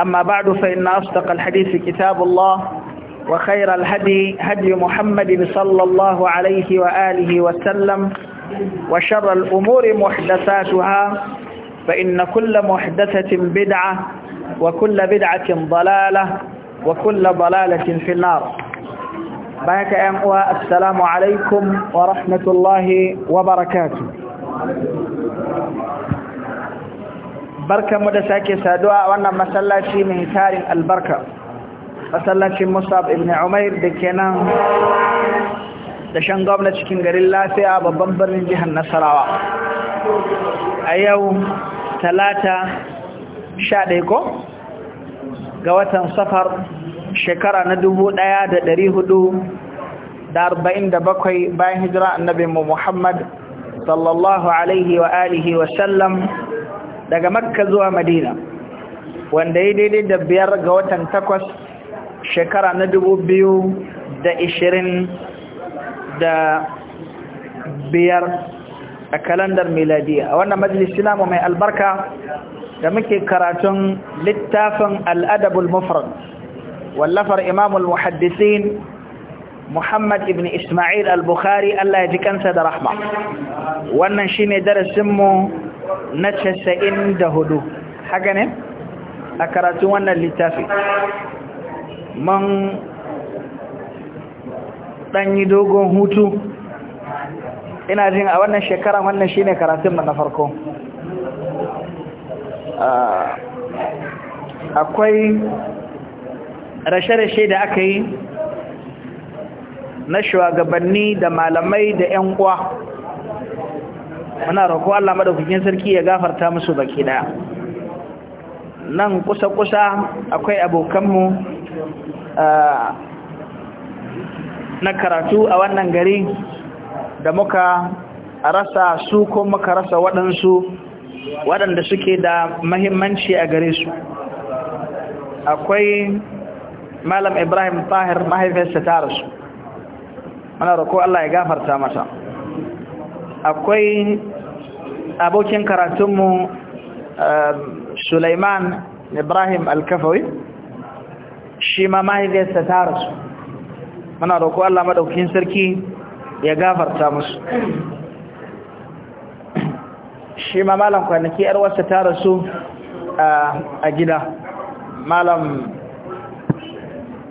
أما بعد فإن أصدق الحديث كتاب الله وخير الهدي هدي محمد صلى الله عليه وآله وسلم وشر الأمور محدثاتها فإن كل محدثة بدعة وكل بدعة ضلالة وكل ضلالة في النار بارك أموى السلام عليكم ورحمة الله وبركاته mu da sake saduwa a wannan masallaci mai tarin albarka masallacin musab ibn umair da ke nan da shan gwamna cikin garin lafiya babban birnin jihar nasarawa a yau talata 11 ko ga watan safar shekara na dubu ɗaya da ɗari da arba'in da bakwai bayan hijira annabinmu muhammad sallallahu alaihi wa alihi wa sallam daga makka zuwa madina wanda ya daidai da biyar ga watan takwas shekara na dubu biyu da ishirin da biyar a kalandar miladiya a wannan majalisi namu mai albarka da muke karatun littafin al'adabul mufrad wallafar imamul muhaddisin Muhammad ibn Ismail al-Bukhari Allah ya ji kansa da rahma wannan shine darasinmu na casa'in da hudu haka ne a karatun wannan littafi man ɗanyi dogon hutu ina jin a wannan shekara wannan shi ne karatun na farko akwai rashe-rashe da aka yi na shugabanni da malamai da 'yan uwa muna roƙo Allah madaukakin sarki ya gafarta musu baki daya nan kusa-kusa akwai abokanmu na karatu a wannan gari da muka rasa su ko muka rasa waɗansu waɗanda suke da mahimmanci a gare su akwai malam ibrahim tahir mahaifinsa ta rasu mana roƙo Allah ya gafarta masa akwai abokin karatunmu um, Sulaiman Ibrahim Alkafawi shi ma mahaifiyarsa ta rasu muna roƙo Allah maɗaukin sarki ya gafarta musu shi ma malam kwanaki yar wasu ta rasu a gida malam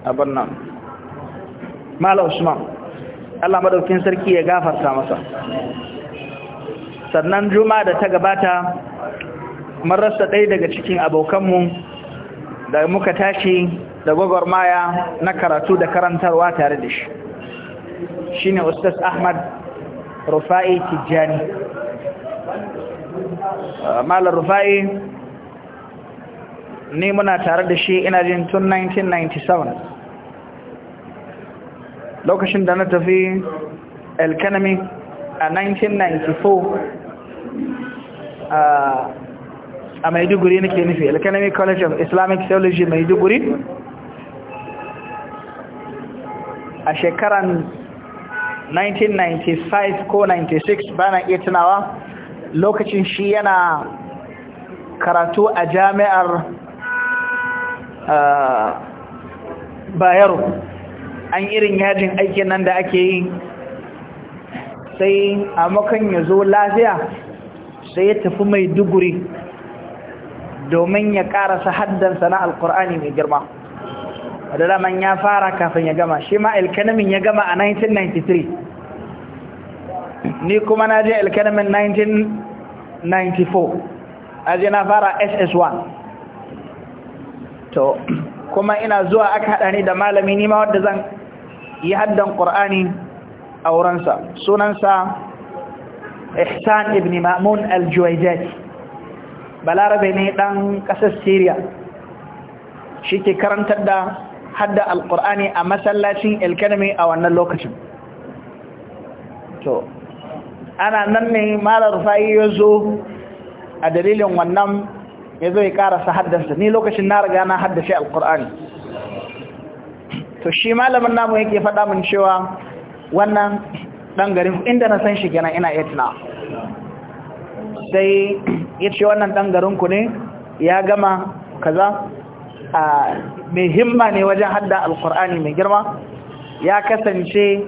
nan malam Usman Allah maɗaukin sarki ya gafarta masa sannan juma da ta gabata marasa ɗaya daga cikin abokanmu da muka tashi da gwagwarmaya na karatu da karantarwa tare da shi shi ne ustas ahmad rufa'i tijjani uh, malar rufa'i ni muna tare da shi ina jin tun 1997 lokacin da na tafi alkanami a 1994 a maiduguri nake nufi alkanami college of islamic theology maiduguri a shekaran 1995 ko 96 bana iya tunawa lokacin shi yana karatu a jami'ar bayero an irin yajin aikin nan da ake yi sai a makon ya zo lafiya sai ya tafi mai duguri domin ya karasa haddansa na alkur'ani mai girma wadda ya fara kafin ya gama shi ma ilkanamin ya gama a 1993 ni kuma na je ilkanamin 1994 je na fara ss1 to kuma ina zuwa aka haɗa ni da malami nima wadda zan yi haddan ƙur'ani a wurinsa sunansa ihsan ibn ma'mun al-juwaijat balarabe ne dan kasar syria shike karantar da hadda al alqur'ani a masallacin alkalami a wannan lokacin to ana nan ne malar fa'i yazo a dalilin wannan yazo ya karasa haddansa ni lokacin na riga na haddace alqur'ani to shi malamin namu yake faɗa min cewa wannan ɗan garin inda na san shi gina ina etna sai ya ce wannan ɗan ku ne ya gama kaza a mai himma ne wajen hadda alkur'ani mai girma ya kasance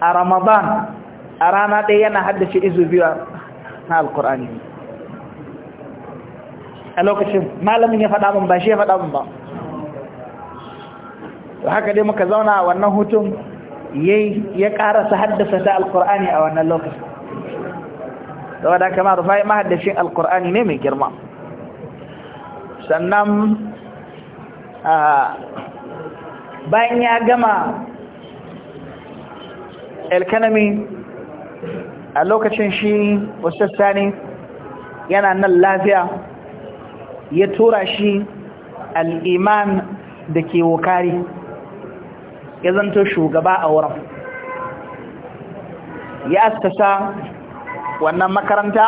a ramadan a rana ɗaya yana haddace izu biyu na alkur'ani a lokacin malamin ya faɗa min ba shi ya faɗa min ba haka dai muka zauna wannan hutun yayi ya karasa haddasa ta alkur'ani a wannan lokacin da wadda rufai rufai mahaddashin alkur'ani ne mai girma sannan bayan ya gama alkanami a lokacin shi wasu sani yana nan lafiya ya tura shi al'iman da ke wukari ya zanto shugaba a wurin ya astasa wannan makaranta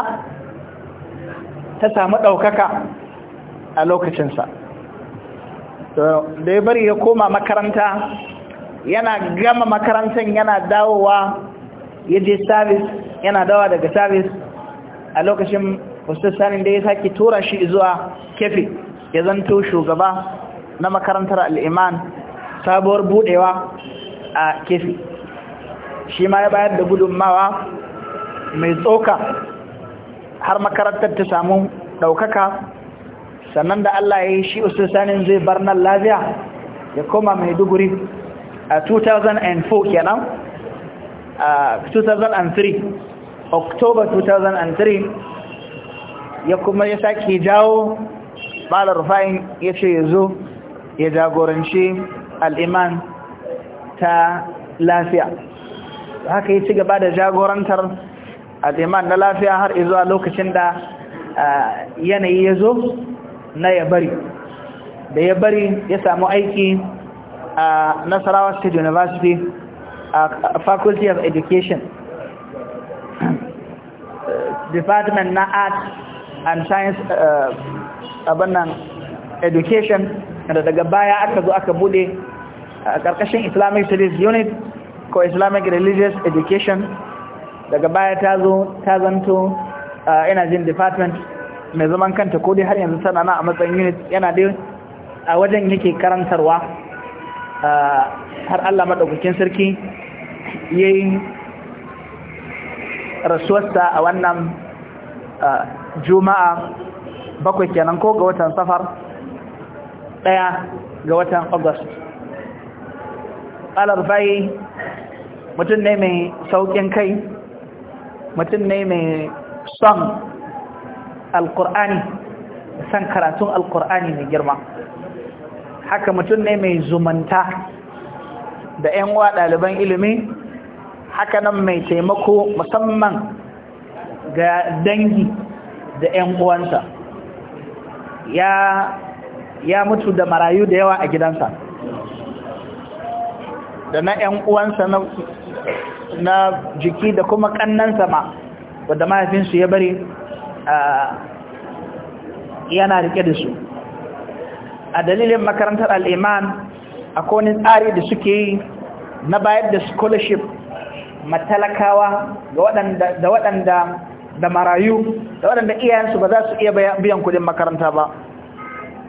ta samu ɗaukaka a lokacinsa da ya bari ya koma makaranta yana gama makarantar yana dawowa ya je sabis yana dawa daga sabis a lokacin wasu sanin da ya sake tura shi zuwa kefe ya zanto shugaba na makarantar al'iman sabuwar budewa a kefi shi ma ya bayar da gudunmawa mai tsoka har makarantar ta samu ɗaukaka sannan da Allah ya yi shi sanin zai bar nan lafiya ya koma mai duguri a 2004 kenan a 2003 october 2003 ya kuma ya sake jawo malar rufa'in ya ce ya zo ya jagoranci al'iman ta lafiya haka yi ci gaba da jagorantar al'iman na lafiya har izuwa lokacin da yanayi ya zo na ya bari da ya bari ya samu aiki a nasarawa state university a faculty of education department na art and science uh, abinnan education da daga baya aka zo aka bude a ƙarƙashin islamic studies unit ko islamic religious education daga baya ta zo ta zanto energy department mai zaman kanta ko dai har yanzu tana na a matsayin unit yana dai a wajen yake karantarwa har Allah maɗaukakin sarki ya yi rasuwarsa a wannan juma'a bakwai kenan ko ga watan safar ɗaya ga watan august bai mutum ne mai saukin kai mutum ne mai son alkur'ani son karatun alkur'ani mai girma haka mutum ne mai zumunta da 'yan wa ɗaliban ilimi haka nan mai taimako musamman ga dangi da 'yan uwansa ya mutu da marayu da yawa a gidansa da na ‘yan uwansa na jiki da kuma ƙannansa ma wadda mahaifinsu ya bari yana rike da su a dalilin makarantar al'iman a kone tsari da suke yi na bayar da scholarship matalakawa da waɗanda da marayu da waɗanda iyayensu ba za su iya biyan kudin makaranta ba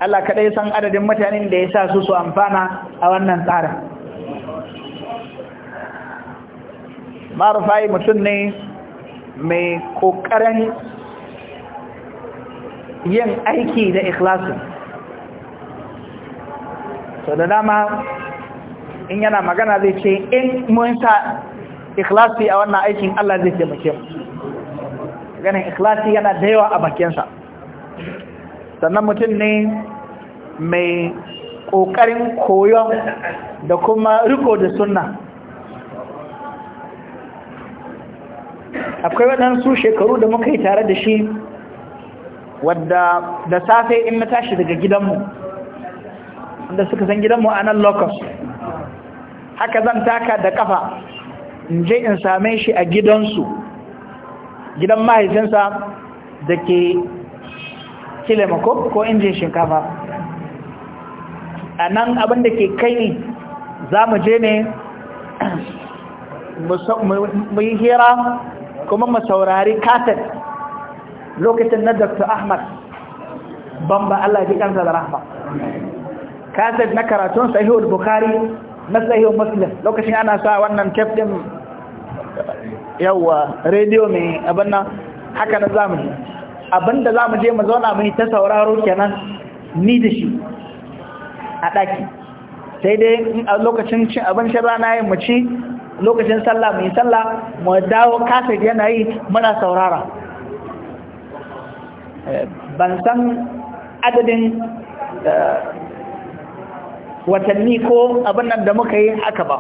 Allah kaɗai san adadin mutanen da ya sa su su amfana a wannan tsarin marufai mutum ne mai ƙoƙarin yin aiki da ikhlasu so da dama in yana magana zai ce in mun sa ikhlasi a wannan aikin Allah zai taimake mu ganin ikhlasi yana da yawa a bakinsa sannan mutum ne mai ƙoƙarin koyon da kuma riko da sunna akwai waɗansu shekaru da muka yi tare da shi wadda da safe in na tashi daga gidanmu wanda suka san gidanmu a nan locus haka zan taka da kafa in je in same shi a gidansu gidan mahaifinsa da ke kilemako ko injin shinkafa a nan abinda ke kai za mu je ne mu yi hira kuma mu saurari kaset lokacin na Dr. Ahmad bamba Allah ya kansa da rahma kaset na karatun sahihul bukhari na sahihul muslim lokacin ana sa wannan tape din yawa radio mai abin nan haka na zamani abinda zamu je mu zauna mu ta sauraro kenan ni da shi a daki sai dai a lokacin cin abin shi rana yin mu ci lokacin sallah mai sallah mu dawo kaset yana yi muna saurara eh, ban san adadin eh, watanni ko abin nan da muka yi aka ba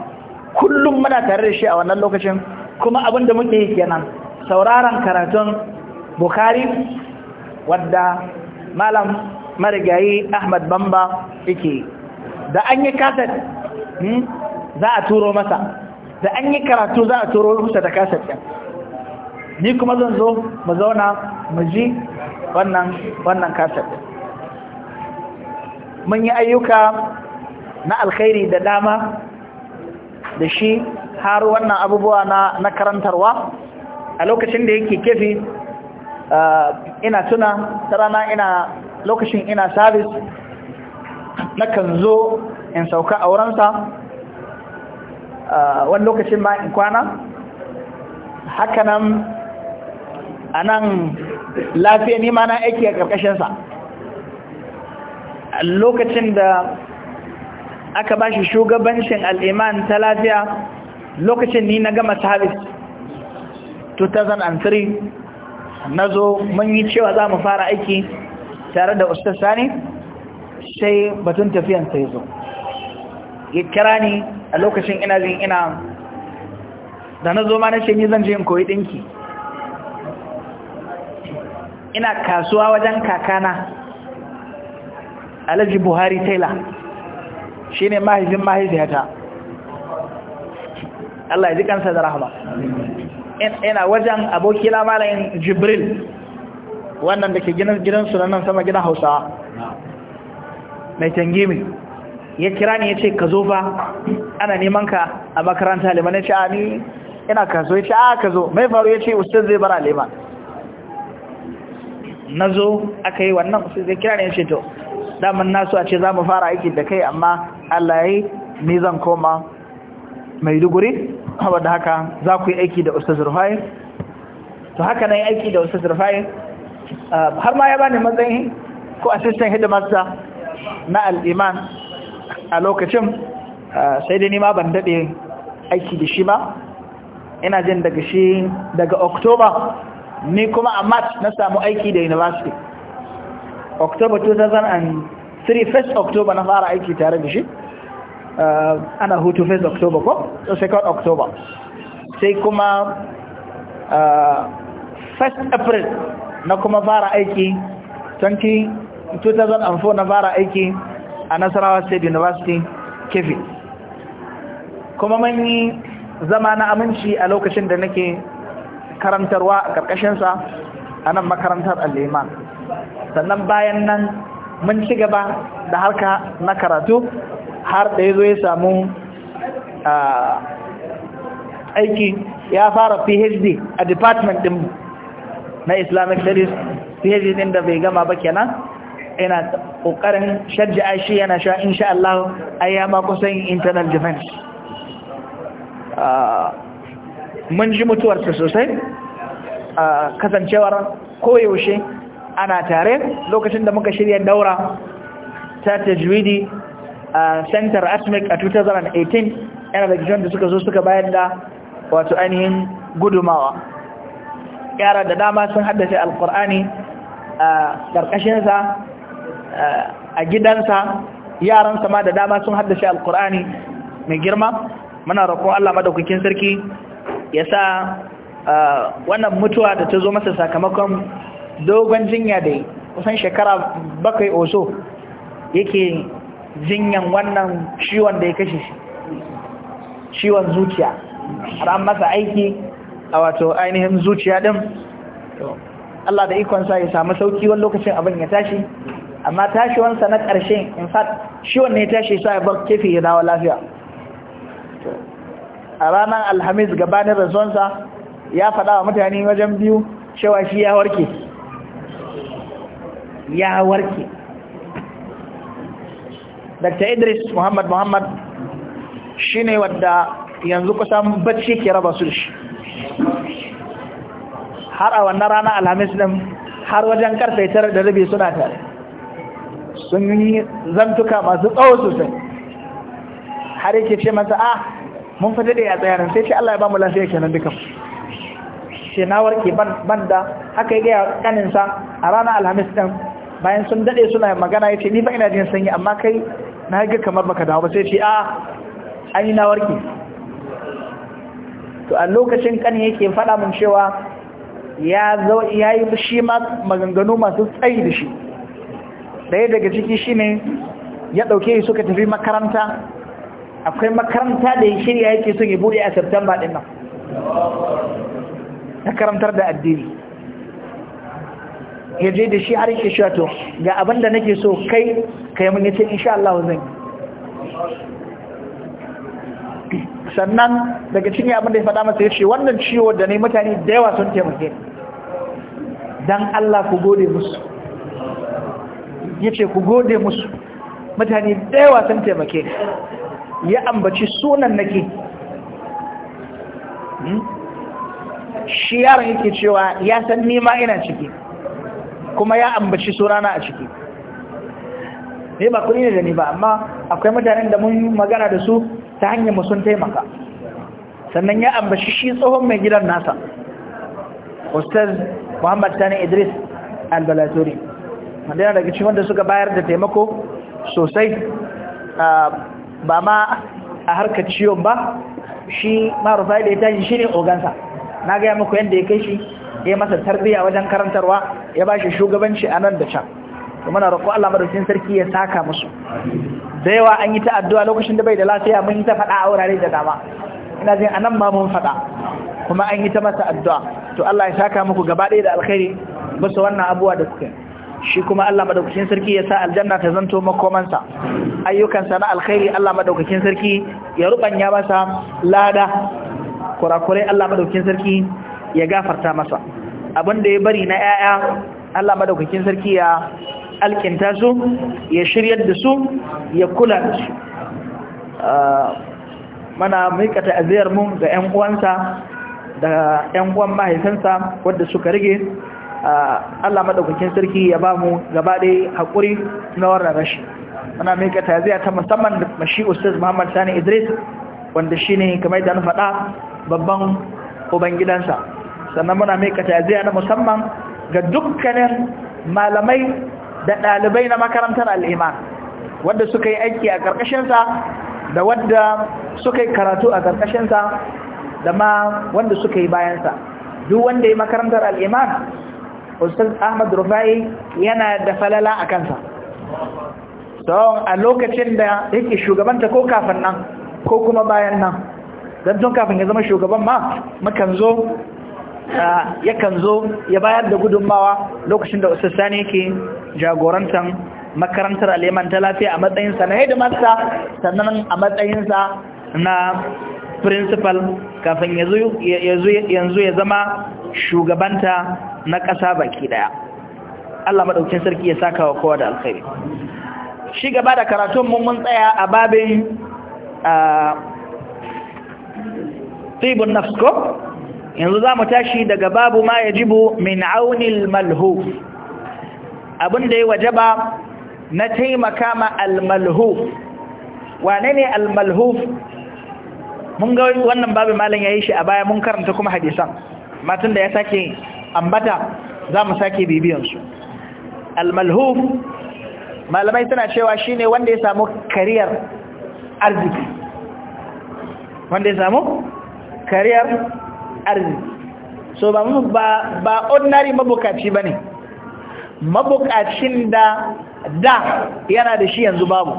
kullum muna tare da shi a wannan lokacin kuma abin da muke yi kenan sauraron karatun bukari wadda malam marigayi ahmad bamba yake da an yi kasar hmm, za a turo masa da an yi karatu za a turo rusa da kasar ɗin ni kuma zan zo mu zauna mu ji wannan wannan kasar ɗin mun yi ayyuka na alkhairi da dama da shi har wannan abubuwa na, na karantarwa a lokacin da yake kefi ah, ina tuna ta rana ina lokacin ina sabis na kan zo in sauka a aurensa Ah, wani lokacin ma in kwana hakanan a nan lafiya nima na aiki a ƙarƙashinsa lokacin da aka ba shi shugabancin al'iman ta lafiya lokacin ni na gama sabis 2003 na zo mun yi cewa za mu fara aiki tare da ustaz sani sai batun tafiyan sai zo ya kira ni a lokacin ina zin ina da na zo ma na shenyi zan je in koyi ɗinki ina kasuwa wajen kakana alhaji buhari Taylor shi ne mahaifin mahaifiyata Allah ya ji kansa da rahama ina wajen abokina malamin jibril wannan da ke gidansu nan sama gidan hausawa mai tangimi ya kira ni ya ce ka zo fa ana neman ka a makaranta liman ya ce a ni ina ka zo ya ce a ka zo mai faru ya ce ustaz zai bara liman na zo aka yi wannan ustaz zai kira ni ya ce to daman nasu a ce za mu fara aiki da kai amma Allah ya yi ni zan koma maiduguri wadda haka za ku yi aiki da ustaz rufai to haka na yi aiki da ustaz rufai ah, har ma ya bani matsayin ko assistant headmaster na al'iman a lokacin sai dai nima ban daɗe aiki da shi ba ina jin daga shi daga oktoba ni kuma a march na samu aiki da university oktoba 2003 first oktoba na fara aiki tare da shi ana hutu first oktoba ko so second oktoba sai kuma first april na kuma fara aiki 2004 na fara aiki a nasarawa state university kefi kuma mun yi zama na aminci a lokacin da nake karantarwa a ƙarƙashinsa a nan makarantar lema sannan bayan nan mun ci gaba da harka na karatu har da ya zo ya samu aiki ya fara phd a department ɗin na islamic studies phd din da bai gama ba kenan yana kokarin sharja'a shi yana sha insha Allah ai ya ma kusan internal defense ah, mun ji mutuwarsa sosai ah, kasancewar koyaushe ana tare lokacin da muka shirya daura ta tajwidi a center asmic a 2018 yana da gijon da suka zo suka bayar da wato ainihin gudumawa yara da dama sun haddace alkur'ani a ah, ƙarƙashinsa a gidansa yaransa ma da dama sun haddace alkur'ani mai girma muna roƙon Allah madaukakin sarki ya sa wannan mutuwa da ta zo masa sakamakon dogon jinya da kusan shekara bakwai oso yake jinyan wannan ciwon da ya kashe shi ciwon zuciya har an masa aiki a wato ainihin zuciya din Allah da ikonsa ya samu sauki wani lokacin abin ya tashi amma tashiwansa na ƙarshen in fact shi wanne tashi su ya bar kefi ya dawo lafiya a ranar alhamis gabanin rasuwansa ya faɗa wa mutane wajen biyu cewa shi ya warke ya warke dr idris muhammad muhammad shi ne wadda yanzu kusan bacci ke raba su shi har a wannan ranar alhamis din har wajen karfe tare da rabi suna tare sun yi zantuka masu tsawo sosai har yake ce masa a ah, mun fi daɗe a tsayanin sai ce Allah ya ba mu lafiya kenan dukan ce na warke ban da haka ya gaya kaninsa a ranar alhamis ɗin bayan sun daɗe suna magana ya ce ni ba ina jin sanyi amma kai na haka kamar baka dawo ba sai ce a ah, an yi na warke to a lokacin kanin yake faɗa mun cewa ya yi shi ma maganganu masu tsayi da shi ɗaya daga ciki shine ya ɗauke suka tafi makaranta akwai makaranta da ya shirya yake son ya buɗe a september ɗin nan na karantar da addini ya je da shi har yake shi wato ga abin da nake so kai ka yi mun yace insha Allah zan sannan daga cikin abin da ya faɗa masa ya ce wannan ciwo da ne mutane da yawa sun taimake dan Allah ku gode musu Ya ce ku gode musu mutane da yawa sun taimake ya ambaci sunan nake hmm? shi yaron yake cewa ya san nima ina ciki kuma ya ambaci sunana a ciki ne ba kuɗi ne da ni ba amma akwai mutanen da mun magana da su ta hanyar mu sun taimaka sannan ya ambaci shi tsohon mai gidan nasa ustaz muhammad Tani idris al albalatori wanda yana daga cikin wanda suka bayar da taimako sosai ba ma a harkar ciwon ba shi marufa da ya tashi shi ne ogansa na gaya muku yadda ya kai shi ya masa tarbiya wajen karantarwa ya ba shi shugabanci a nan da can kuma na roƙo Allah madaukakin sarki ya saka musu da yawa an yi ta addu'a lokacin da bai da lafiya mun yi ta faɗa a wurare da dama ina jin anan ma mun faɗa kuma an yi ta masa addu'a to Allah ya saka muku gaba ɗaya da alkhairi musu wannan abuwa da kuke shi kuma Allah madaukakin sarki ya sa aljanna ta zanto makomansa ayyukansa na alkhairi Allah madaukakin sarki ya rubanya masa lada kurakurai Allah madaukakin sarki ya gafarta masa abin da ya bari na 'ya'ya Allah madaukakin sarki ya alkinta su ya shiryar da su ya kula da su ah, mana mika ta'aziyar mu ga 'yan uwansa da 'yan uwan mahaifinsa wadda suka rige Ah, Allah madaukakin sarki ya ba mu gaba ɗaya hakuri na wannan rashi muna mika taziya ta musamman da mashi ustaz Muhammad Sani Idris wanda shine kamar da na faɗa babban ubangidansa sannan muna mika taziya na musamman ga dukkanin malamai da ɗalibai na makarantar al-Iman wadda suka yi aiki a ƙarƙashinsa da wadda suka yi karatu a ƙarƙashinsa da ma wanda suka yi bayansa duk wanda ya makarantar al'iman ustaz ahmad rufai yana da falala a kansa don a lokacin da yake shugabanta ko kafin nan ko kuma bayan nan don tun kafin ya zama shugaban ma makan zo ya kan zo ya bayar da gudunmawa lokacin da ustaz sani yake jagorantar makarantar aleman ta lafiya a matsayinsa na hedimasta sannan a matsayinsa na principal kafin yanzu ya zama shugabanta na ƙasa baki daya Allah maɗaukin sarki ya saka wa kowa da alkhairi shi gaba da karatun mun tsaya a babin tibun nafsko yanzu za mu tashi daga babu ma ya jibu min aunil malhuf abinda ya wajaba na taimaka ma almalhuf wane ne almalhuf mun ga wannan babu malam ya yi shi a baya mun karanta kuma hadisan matan da ya sake ambata za mu sake bibiyansu almalhuf malamai suna cewa shi ne wanda ya samu kariyar arziki wanda ya samu kariyar arziki so ba ba ordinary mabukaci ba ne mabukacin da da yana da shi yanzu babu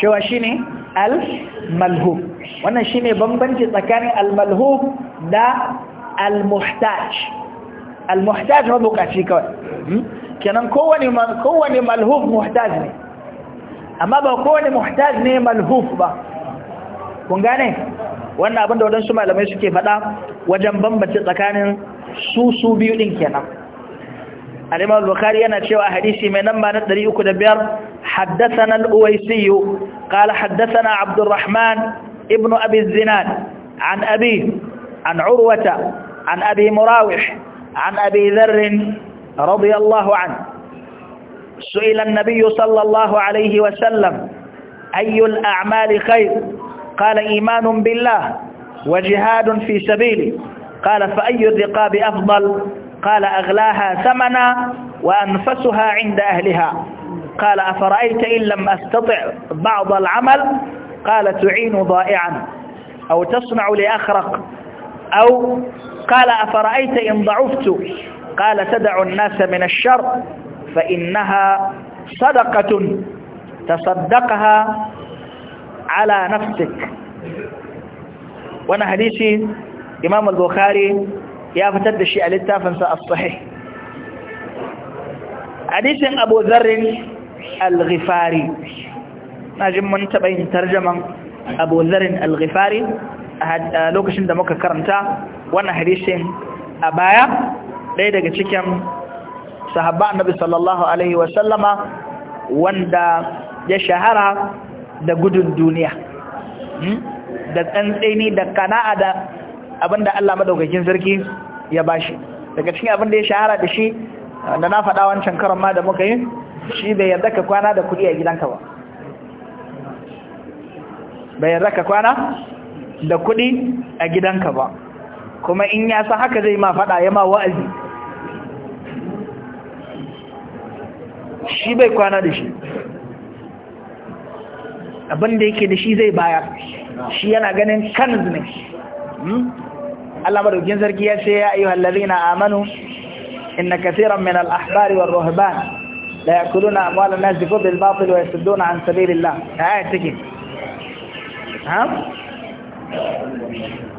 cewa shi ne al-malhub wannan shine bambanci tsakanin al-malhub da al-muhtaj al-muhtaj mabukaci kawai hmm? kenan kowane kowane malhub muhtaj ne amma ba kowane muhtaj ne malhub ba kun gane wannan abin da wadansu malamai suke faɗa wajen bambanci tsakanin su su biyu din kenan الإمام البخاري أنا شو أحاديثي من أما ندري أكد بير حدثنا الأويسي قال حدثنا عبد الرحمن ابن أبي الزناد عن أبي عن عروة عن أبي مراوح عن أبي ذر رضي الله عنه سئل النبي صلى الله عليه وسلم أي الأعمال خير قال إيمان بالله وجهاد في سبيله قال فأي الرقاب أفضل قال أغلاها ثمنا وأنفسها عند أهلها قال أفرأيت إن لم أستطع بعض العمل قال تعين ضائعا أو تصنع لأخرق أو قال أفرأيت إن ضعفت قال تدع الناس من الشر فإنها صدقة تصدقها على نفسك وانا حديثي إمام البخاري ya fitar da shi a littafinsa as-sahih hadisin Abu Dharr al-Ghifari jin mun taba yin tarjaman Abu Dharr al-Ghifari a lokacin da muka karanta wannan hadisin a baya ɗaya daga cikin sahabba annabi sallallahu alaihi wa sallama wanda ya shahara da gudun duniya hmm? da tsantseni da kana'a da abinda Allah madaukakin sarki ya bashi daga cikin abin da ya shahara da shi da na faɗa wancan karon ma da muka yi shi bai yarda ka kwana da kuɗi a gidanka ba bai yarda ka kwana da kuɗi a gidanka ba kuma in ya san haka zai ma faɗa ya ma wa'azi shi bai kwana da shi abin da yake da shi zai bayar shi yana ganin kan zunai الله مرد جنزر كياسي يا أيها الذين آمنوا إن كثيرا من الأحبار والرهبان لا يأكلون أموال الناس بفضل الباطل ويسدون عن سبيل الله آية تكين ها؟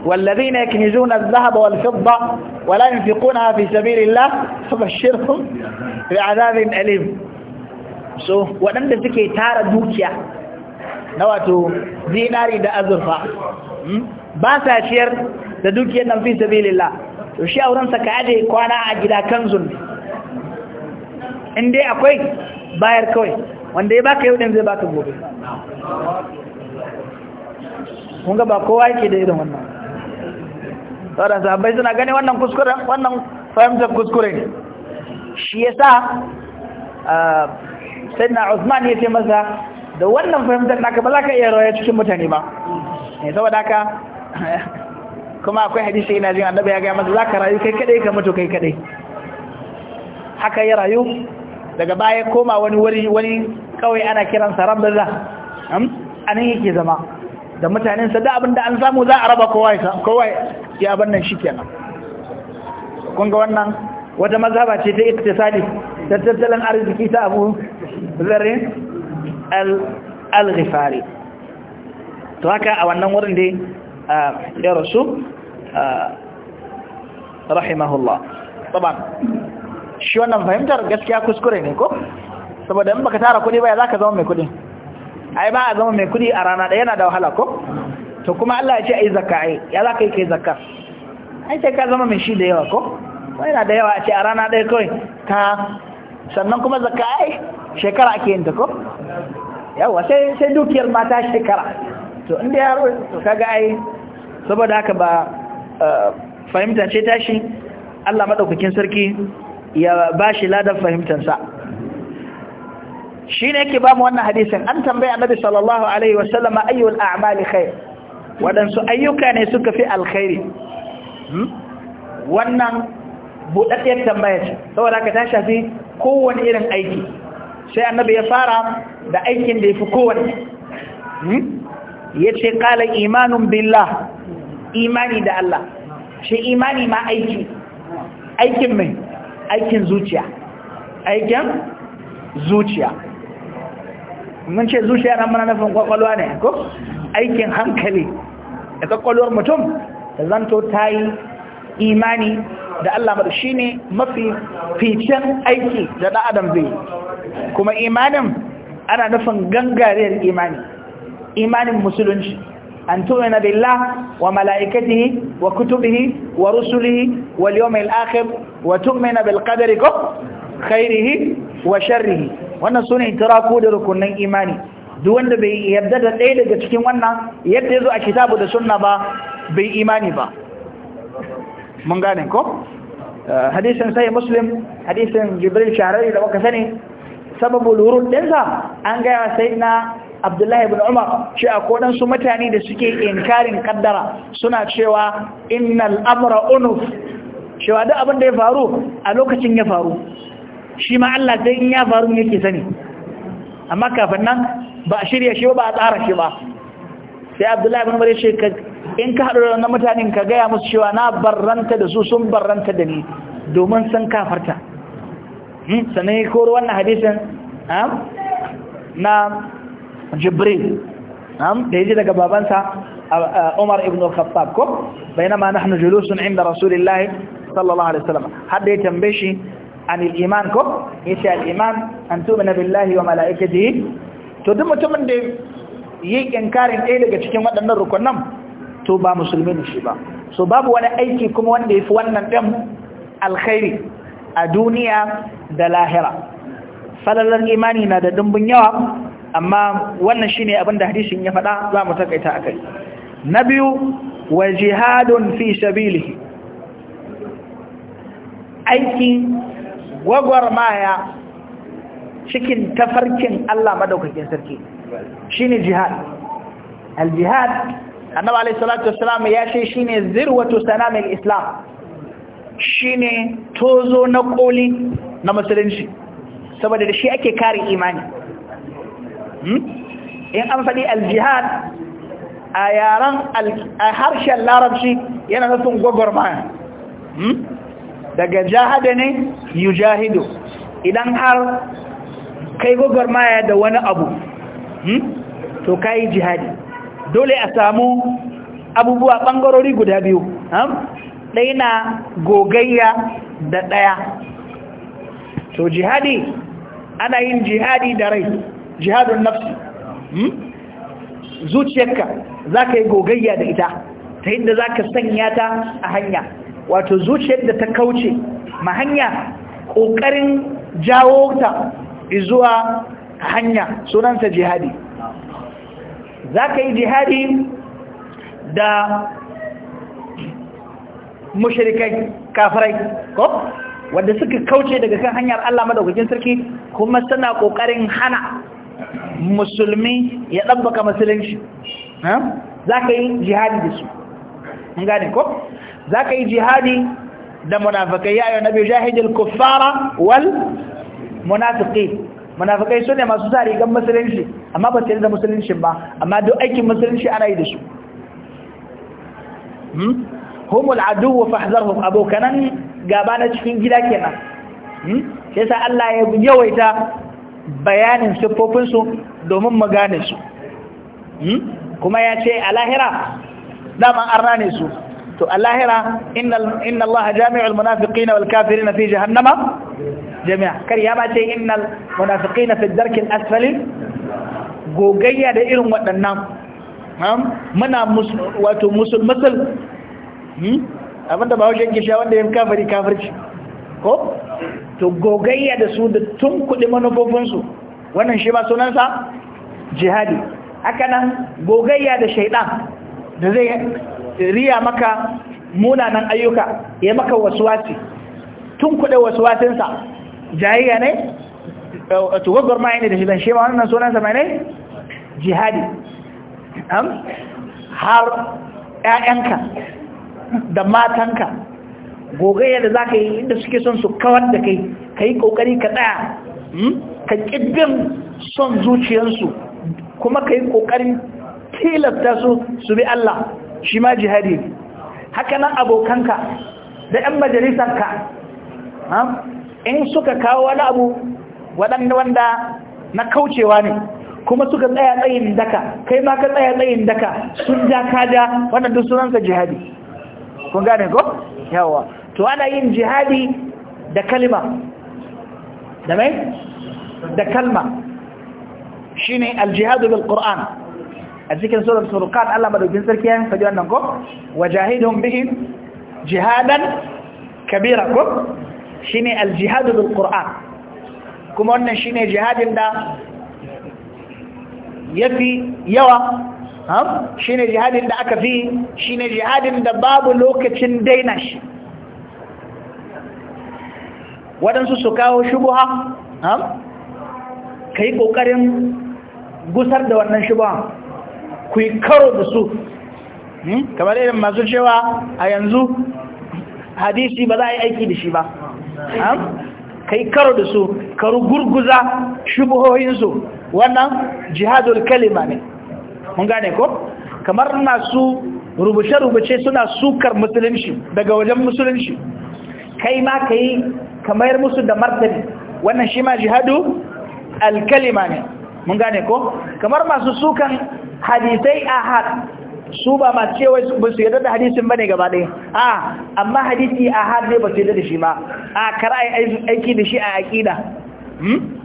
والذين يكنزون الذهب والفضة ولا ينفقونها في سبيل الله فبشرهم بعذاب أليم so waɗanda suke tara دوكيا na wato zinari da azurfa hmm? ba sa ciyar da dukiyar nan fi sabilillah to shi auren sa ka aje kwana a gida kanzun in dai akwai bayar kawai wanda ya baka yau din zai baka gobe kun ga ba kowa yake da irin wannan sauran sahabbai suna gani wannan kuskuren wannan fahimtar kuskure ya shi yasa ah, na Uthman ya ce masa da wannan fahimtar naka ba za ka iya rawaye cikin mutane ba ne eh, saboda haka kuma akwai hadisi ina jin annabi ya gaya masa za ka rayu kai kadai ka mutu kai kadai haka ya rayu daga baya koma wani wuri wani kawai ana kiransa rabdalla am hmm? an yake zama da mutanen sa da abin da an samu za a raba kowa ya abin nan shi kenan kun ga wannan wata mazhaba ce ta iktisadi da tattalin arziki ta abu al al-ghifari to haka a wannan wurin dai ya rasu rahimahullah taban shi wannan fahimtar gaskiya kuskure ne ko saboda in baka tara kudi ba za ka zama mai kudi ai ba a zama mai kudi a rana ɗaya yana da wahala ko to kuma Allah ya ce ai zakka ai ya za ka yi kai zakka ai sai ka zama mai shi da yawa ko yana da yawa a ce a rana ɗaya kawai ka sannan kuma zakka ai shekara ake yin ta ko yawa sai dukiyar mata shekara to inda yaro to kaga ai saboda haka ba eh, fahimtar ce tashi Allah madaukakin sarki ya bashi ladan fahimtansa shine yake ba mu wannan hadisin an tambaye annabi sallallahu alaihi wasallama ayyul a'mali khair waɗansu ayyuka ne suka fi alkhairi hmm? wannan buɗaɗɗiyar tambaya ce saboda haka ta shafi kowane irin aiki sai annabi ya fara da aikin da ya fi kowane hmm? ya ce ƙala imanin billah imani da Allah shi imani ma aiki aikin mai aikin zuciya aikin zuciya mun ce zuciya na muna nufin kwakwalwa ne ko aikin hankali da kwakwalwar mutum da zanto ta yi imani da Allah mada shi ne mafi ficen aiki da ɗan adam zai kuma imanin ana nufin gangariyar imani imanin musulunci an tu'mina billah wa malaikatihi wa kutubihi wa rusulihi wa yawmil akhir wa tu'mina bil qadari khairihi wa sharrihi wannan sune itiraku da rukunin imani duk wanda bai yarda da ɗaya daga cikin wannan yadda yazo a kitabu da sunna ba bai imani ba mun gane ko eh, hadisin sai muslim hadisin jibril shahararri da muka sani sababul wurud ɗinsa an sai na abdullahi ibn umar shi a kodansu mutane da suke inkarin kaddara suna cewa innal amra unuf cewa duk abin da ya faru a lokacin ya faru shi ma Allah sai in ya faru yake sani amma kafin nan ba a shirya shi ba a tsara shi ba sai abdullahi ibn umar ya ce in ka haɗu da wannan mutanen ka gaya musu cewa na barranta da su sun barranta da ni domin sun kafarta hmm, sannan ya koro wannan hadisin ah, na jibril da yaji daga babansa umar ibn al-khattab ko bainama nahnu julusun inda rasulillah sallallahu alaihi wasallam hadda ya tambaye shi an al-iman ko yace al-iman an tu'mina billahi wa malaikatihi to duk mutumin da yi inkarin ɗaya daga cikin waɗannan rukunan to ba musulmi ne shi ba so babu wani aiki kuma wanda yafi wannan ɗan alkhairi a duniya da lahira falalar imani na da dimbin yawa amma wannan shine abin da hadisin ya faɗa za mu takaita a kai na biyu wa jihadun fi sabilihi aiki gwagwarmaya cikin tafarkin Allah madaukakin sarki shine jihad al-jihad annabi alayhi salatu wassalam ya ce shine zirwatu sanam islam shine tozo na koli na musulunci saboda da shi ake kare imani Hmm? in an faɗi aljihad a yaren harshen larabci yana nufin maya. Hmm? daga jahada ne jahido, idan har kai maya da wani abu hmm? to kayi jihadi dole a samu abubuwa ɓangarori guda biyu ɗai na gogayya da ɗaya to jihadi ana yin jihadi da rai jihadun nafsi hmm? zuciyarka za ka yi gogayya da ita ta yadda za ka sanya ta a hanya wato zuciyar da ta kauce ma hanya ƙoƙarin jawo ta zuwa hanya sunanta jihadi za ka yi jihadi da mushrikai kafirai ko wanda suka kauce daga kan hanyar Allah madaukakin sarki kuma suna kokarin hana musulmi ya ɗabbaka musulunci za ka yi jihadi da su gane ko za ka yi jihadi da munafikai ya yi nabi jahidil kuffara wal munafiki munafikai su ne masu sa rigar musulunci amma ba su da musulunci ba amma duk aikin musulunci ana yi da su hmm? humul aduwu fahzarhum abokanan gaba na cikin gida kenan hmm? sai sa Allah ya yawaita bayanin siffofinsu domin mu gane hmm? kuma ya ce a lahira daman arna ne su to a lahira inna Allah jami'ul munafiqina wal na fi jahannama jami'a kar ce bace innal munafiqina fi dharkil asfali gogayya da irin waɗannan hmm? muna wato musulmusul hmm? abinda ba wajen gisha wanda yin kafari kafirci ko to gogayya da su da tun kuɗi manufofinsu wannan shi ba sunansa jihadi haka nan gogayya da shaidan da zai riya maka munanan ayyuka ya maka wasuwaci tun kuɗe wasuwacinsa jayayya ne eh, tugagwar ma ne da shi don shi ba wannan sunansa mai ne jihadi har ‘ya'yanka da matanka gogayya da za ka yi inda suke son su kawar da kai ka yi ƙoƙari ka ɗaya hmm? ka ƙibbin son zuciyarsu kuma ka yi ƙoƙarin tilasta su su bi Allah shi ma jihadi haka nan abokanka da ‘yan majalisarka in suka kawo wani abu waɗanda wanda na kaucewa ne kuma suka tsaya tsayin daka kai ma ka tsaya tsayin daka sun ja kaja wadanda wannan sunansa jihadi kun gane ko? yawa to ana yin jihadi da kalma da mai da kalma shine aljihadu bil qur'an a cikin surar furqan Allah madaukin sarki yayin faɗi wannan ko wajahidhum bihi jihadan kabira ko shine aljihadu bil qur'an kuma wannan shine jihadin da yafi yawa shi ne jihadin da aka fi shi ne jihadin da babu lokacin daina shi waɗansu su kawo shubuha ka yi ƙoƙarin gusar da wannan shubuha ku yi karo da su hmm? kamar irin masu cewa a yanzu hadisi ba za a yi aiki da shi ba ka yi karo da su ka rugurguza shubuhohinsu wannan jihadul kalima ne mun gane ko kamar masu rubuce-rubuce suna sukar musulunci daga wajen musulunci kai ma ka yi kamar musu da martani wannan shi ma jihadu alkalima ne mun gane ko kamar masu sukan hadisai ahad su ba ma cewa ba su yadda da hadisin bane gaba ɗaya a amma hadisi ahad ne ba su yadda da shi ba a kar aiki da shi a aƙida hmm?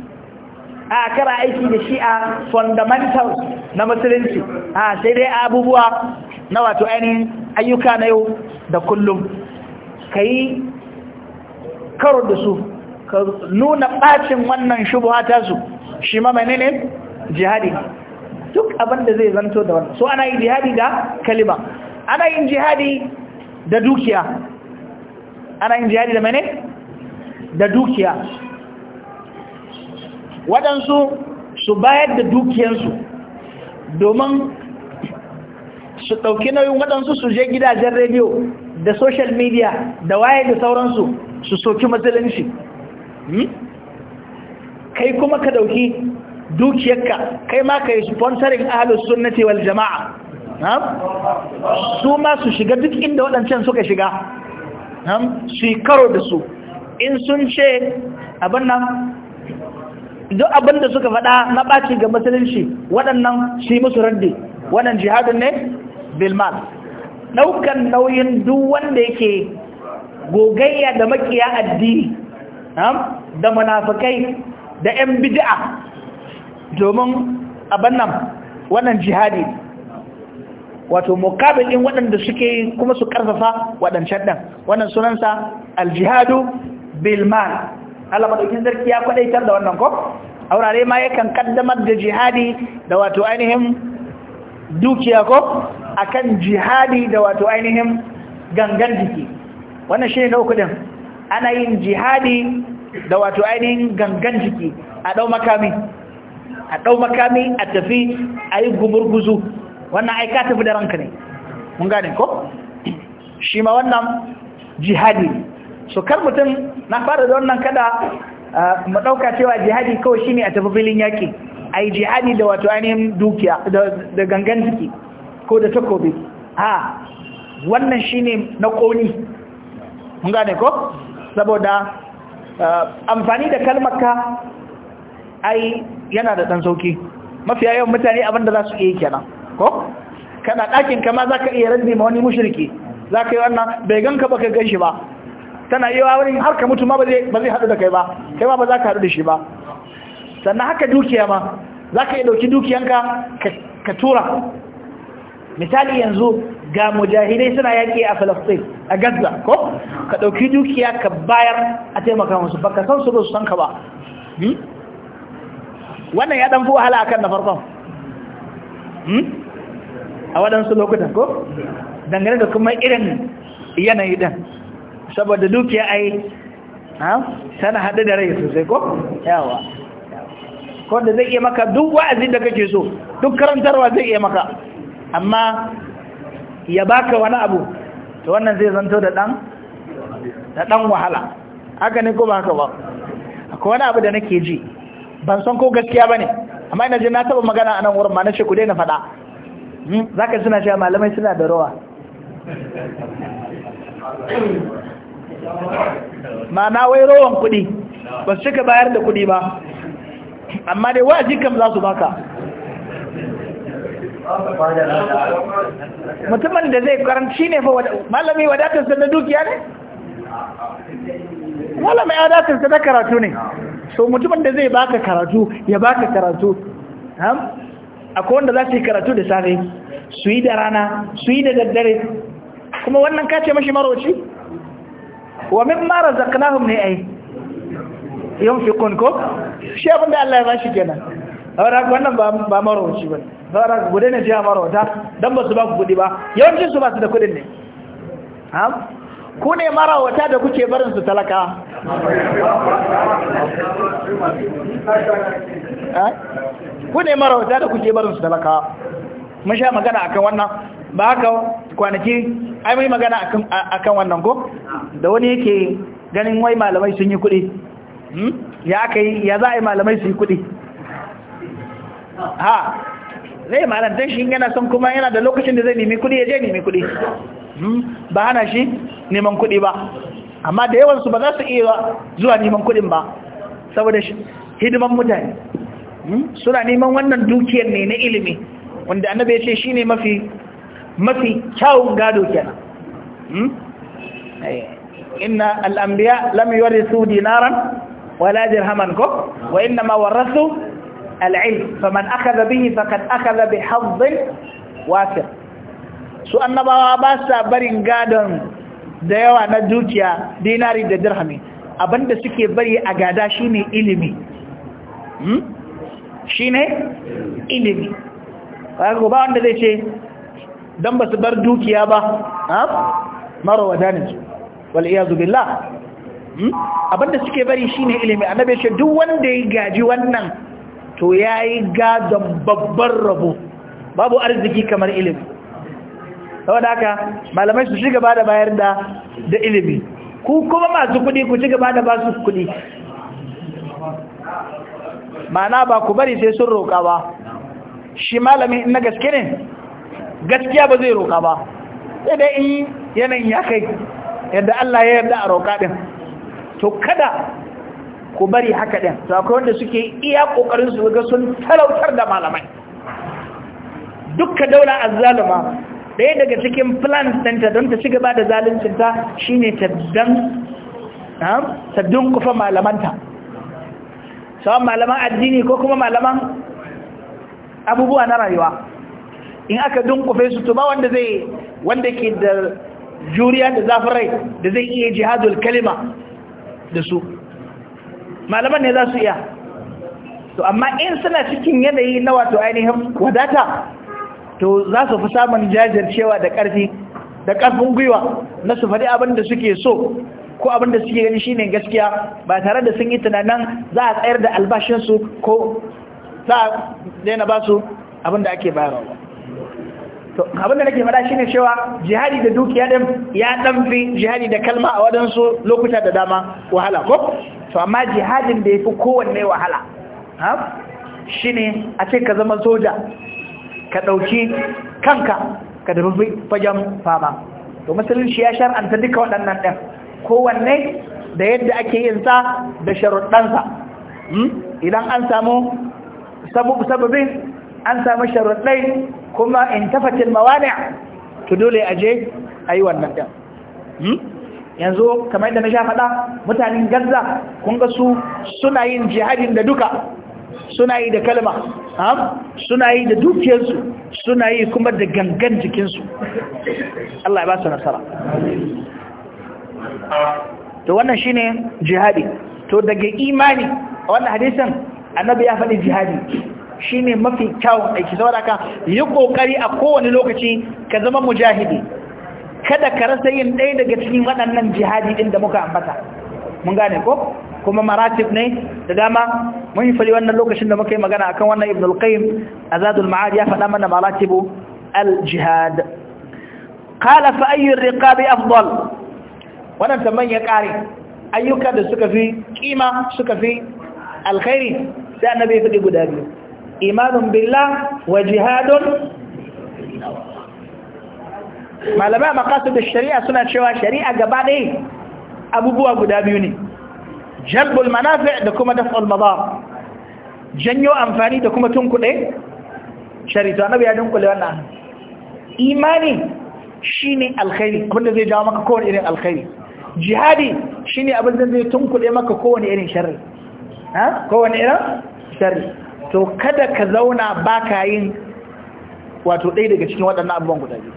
a kara aiki da shi a fundamentals na musulunci a sai dai abubuwa na wato ainihin ayyuka na yau da kullum ka yi karo da su ka nuna ɓacin wannan shubu hata su shi ma mai ne jihadi duk abinda zai zanto da wannan so ana yin jihadi da kalima ana yin jihadi da dukiya ana yin jihadi da mene da dukiya waɗansu su bayar da dukiyansu domin su ɗauki nauyin waɗansu su je gidajen rediyo da social media da waye da sauransu su soki matsalinci hmm? kai kuma ka ɗauki dukiyarka kai ma ka yi sponsoring ahalus sunnati wal jama'a su ma su shiga duk inda waɗancan suka shiga su yi karo da su in sun ce abin nan duk abin da suka faɗa na ɓaci ga musulunci waɗannan shi musu raddi wannan jihadun ne bilmal ɗaukan nauyin duk wanda yake gogayya da makiya addini da munafakai da 'yan bid'a domin abin nan wannan jihadi wato mukabilin waɗanda suke kuma su ƙarfafa waɗancan ɗan wannan sunansa aljihadu bilmal Allah madaukin zarki ya kwadaitar da wannan ko aurare ma yakan kaddamar da jihadi da wato ainihin dukiya ko akan jihadi da wato ainihin gangan jiki wannan shi ne na uku din ana yin jihadi da wato ainihin gangan jiki a ɗau makami a ɗau makami a tafi a yi gumurguzu wannan ka tafi da ranka ne mun gane ko shi ma wannan jihadi so kar mutum na fara da wannan kada mu ɗauka cewa jihadi kawai shine a tafi filin yaki, ai jihadi da wato ainihin dukiya da gangan jiki ko da takobi ha wannan shine na koni mun gane ko saboda amfani da kalmar ka ai yana da ɗan sauki mafiya yawan mutane abinda za su iya kenan ko kana ɗakin kama za ka iya rabbi ma wani mushriki za ka yi wannan bai ganka ba baka gan shi ba tana iya wani har ka mutu ma ba zai haɗu da kai ba kai ma ba za ka haɗu da shi ba sannan haka dukiya ma za ka iya ɗauki dukiyanka ka tura misali yanzu ga mujahidai suna yaƙi a falastin a gaza ko ka ɗauki dukiya ka bayar a taimaka musu ba ka san su ba su san ka ba hmm? wannan ya ɗan fi wahala a kan na farkon hmm? a waɗansu lokutan ko dangane da kuma irin yanayi dan. saboda dukiya ai tana haɗu da rai sosai ko yawa ko da zai iya maka duk wa'azi da kake so duk karantarwa zai iya maka amma ya baka wani abu to wannan zai zanto da ɗan da dan wahala haka ne ko ba haka ba akwai wani abu da nake ji ban san ko gaskiya bane, amma ina ji na taɓa magana a nan wurin ma na ce ku daina faɗa hmm? za ka suna cewa malamai suna da rawa ma'ana wai rowan kudi ba su cika bayar da kuɗi ba amma dai waji kam za su baka mutumin da zai karanci ne fa malami wadatarsa na dukiya ne? malami wadatarsa na karatu ne so mutumin da zai baka karatu ya baka karatu akwai wanda za su yi karatu da safe su yi da rana su yi da daddare kuma wannan kace mashi maroci? wa min ma razaqnahum ne ai yunfiqun ko shi abin da Allah ya bashi kenan saboda wannan ba ba shi ba. saboda gode ne jiya ta dan ba su ba ku kudi ba yawancin su ba su da kudin ne ha ku ne wata da kuke barin su talaka ku ne wata da kuke barin su talaka mun sha magana akan wannan ba haka kwanaki ai mai magana akan wannan ko da wani yake ganin wai malamai sun yi kuɗi hmm? ya aka yi ya za a yi malamai su yi kuɗi ha zai malantar shi yana son kuma yana da lokacin da zai nemi kuɗi ya je nemi kuɗi hmm? ba hana shi neman kuɗi ba amma da yawansu ba za su iya zuwa neman kuɗin ba saboda hidiman mutane hmm? suna neman wannan dukiyar ne na ilimi wanda annabi ya ce shine mafi mafi kyawun gado kenan hmm? eh, inna al'ambiya lam su dinaran wala dirhaman ko wa inna ma warasu al'ilm faman akhadha bihi faqad aka bi hazzin wafir su annabawa ba sa barin gadon da yawa na dukiya dinari da dirhami abinda suke bari a gada shine ilimi hmm? shine ilimi ba wanda zai ce don ba su bar dukiya ba marawada ne su wal'iyazu billah hmm? abinda suke bari shine ilimi annabi ce duk wanda ya gaji wannan to ya yi gadon babban rabo babu arziki kamar ilimi saboda haka malamai su shiga ba da bayar da ilimi ku kuma masu kudi ku shiga ba da ba su kudi ma'ana ba ku bari sai sun roƙa ba shi malami na gaske ne gaskiya ba zai roƙa ba sai dai in yanayin ya kai yadda Allah ya yarda a roƙa ɗin to kada ku bari haka ɗin to akwai wanda suke iya ƙoƙarin su ga sun talautar da malamai dukka daula zalima ɗaya daga cikin plans ɗinta don ta ci gaba da zaluncinta shine ta sabbin malamanta sawan malaman addini ko kuma malaman abubuwa na rayuwa in aka dunkufe su to ba wanda zai wanda ke da juriya da zafin rai da zai iya jihadul kalima da su malaman ne za su iya to amma in suna cikin yanayi na wato ainihin wadata to za su fi samun jajircewa da ƙarfi da ƙarfin gwiwa na su faɗi abin da suke so ko abin da suke gani shine gaskiya ba tare da sun yi tunanin za a tsayar da albashinsu ko za a daina ba su abin da ake bayarwa ba to da nake fada shine cewa jihadi da dukiya din ya dan jihadi da kalma a wadansu lokuta da dama wahala ko to amma jihadin da yafi kowanne wahala ha shine a ce ka zama soja ka dauki kanka ka dabi fagen fama to musulunci ya shar'anta duka waɗannan ɗin kowanne da yadda ake yin sa da sharuɗansa hmm? idan an samu sababin an samu sharuɗai kuma in tafatil mawani' to dole aje yi wannan din hmm? yanzu kamar yadda na sha faɗa mutanen Gaza kun ga su suna yin jihadin da duka suna yi da kalma suna yi da dukiyarsu suna yi kuma da gangan jikinsu Allah ya ba su nasara to wannan shine jihadi to daga imani a wannan hadisin annabi ya faɗi jihadi shine mafi kyawun aiki saboda haka yi kokari a kowane lokaci ka zama mujahidi kada ka rasa yin ɗaya daga cikin waɗannan jihadi ɗin da muka ambata mun gane ko kuma maratib ne da dama mun yi fali wannan lokacin da muka yi magana akan wannan ibn al-qayyim azadul ma'ad ya faɗa mana maratibu al-jihad qala fa ayyu riqabi afdal wannan tamman ya kare ayyuka da suka fi kima suka fi alkhairi sai annabi ya faɗi guda biyu imanun billah wa jihadun malamai a da shari'a suna cewa shari'a gaba ɗaya abubuwa guda biyu ne Jalbul manafi da kuma daf'ul madar janyo amfani da kuma tunkuɗe shari'a annabi ya dunkule wannan imani shi ne alkhairi wanda zai jawo maka kowane irin alkhairi jihadi shine abin da zai tunkuɗe maka kowane irin sharri ha irin sharri to kada ka zauna baka yin wato ɗaya daga cikin waɗannan abubuwan guda biyu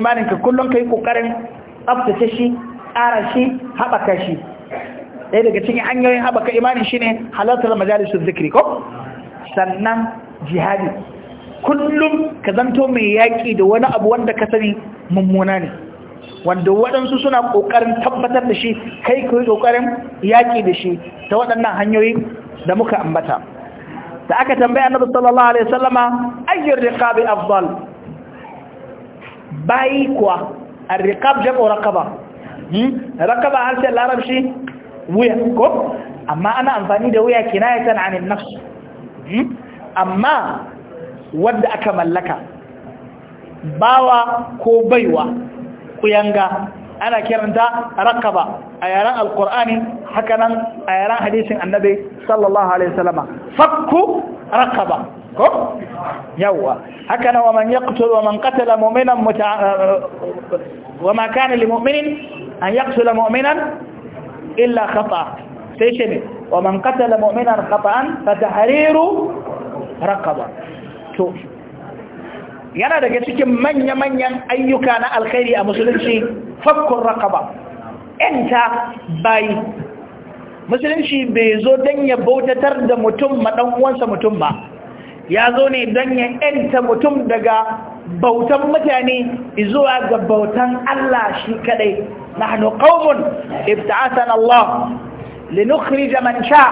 imaninka kullum ka yi ƙoƙarin tsaftace shi ƙara shi haɓaka shi ɗaya daga cikin hanyoyin haɓaka imanin shi ne halartar majalisar zikiri ko sannan jihadi kullum ka zanto mai yaƙi da wani abu wanda ka sani mummuna ne wanda waɗansu suna ƙoƙarin tabbatar da shi kai ka yi ƙoƙarin yaƙi da shi ta waɗannan hanyoyi da muka ambata da aka tambaya annabi sallallahu alaihi wasallama ayyur riqabi afdal bayi kuwa ar-riqab jam'u raqaba hmm raqaba har sai larabci wuya ko amma ana amfani da wuya kinayatan anin nafs hmm amma wanda aka mallaka bawa ko baiwa kuyanga ana kiranta raqaba a yaran alqur'ani hakanan a yaran hadisin annabi sallallahu alaihi wasallama fakku rakaba ko yawa haka na waman yaqtul waman qatala mu'minan uh, wama kana limu'minin an yaqtula mu'minan illa khata sai shi ne waman qatala mu'minan khata'an fatahriru rakaba to yana daga cikin manya-manyan ayyuka na alkhairi a musulunci fakkun rakaba 'yanta bayi musulunci bai zo don ya bautatar da mutum uwansa mutum ba ya zo ne don ya ‘yanta mutum daga bautan mutane zuwa ga bautan Allah shi kadai na hannu ƙaunin ibta'asan Allah linukhrij man sha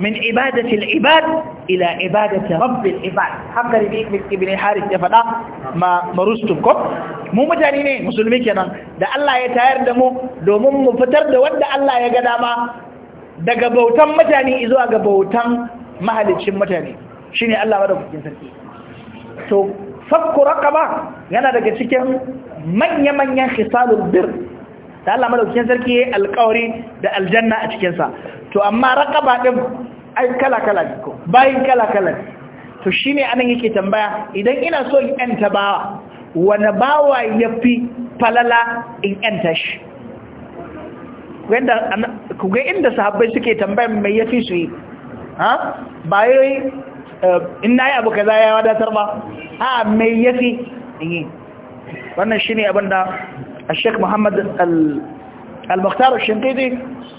min ibadati al-ibad ila ibadati rabbil ibad haka ne ibn ya faɗa ma marustum ko mu mutane ne musulmi kenan da Allah ya tayar da mu domin mu fitar da wanda Allah ya ga dama daga bautan mutane zuwa ga bautan mahalicin mutane shine Allah madaukakin sarki to fakku raqaba yana daga cikin manya-manyan khisalul bir da Allah madaukakin sarki yayi alƙawari da aljanna a cikin sa to amma raqaba din ai kala-kala ko bayin kala-kala to shine anan yake tambaya idan ina so in yanta bawa wani bawa yafi falala in yanta shi ku ga inda sahabbai suke tambayar mai yafi su yi ha ba yi eh, in na yi abu za ya wadatar ba a mai yafi yi wannan shi ne abinda a shek muhammad al-mukhtar shimfidi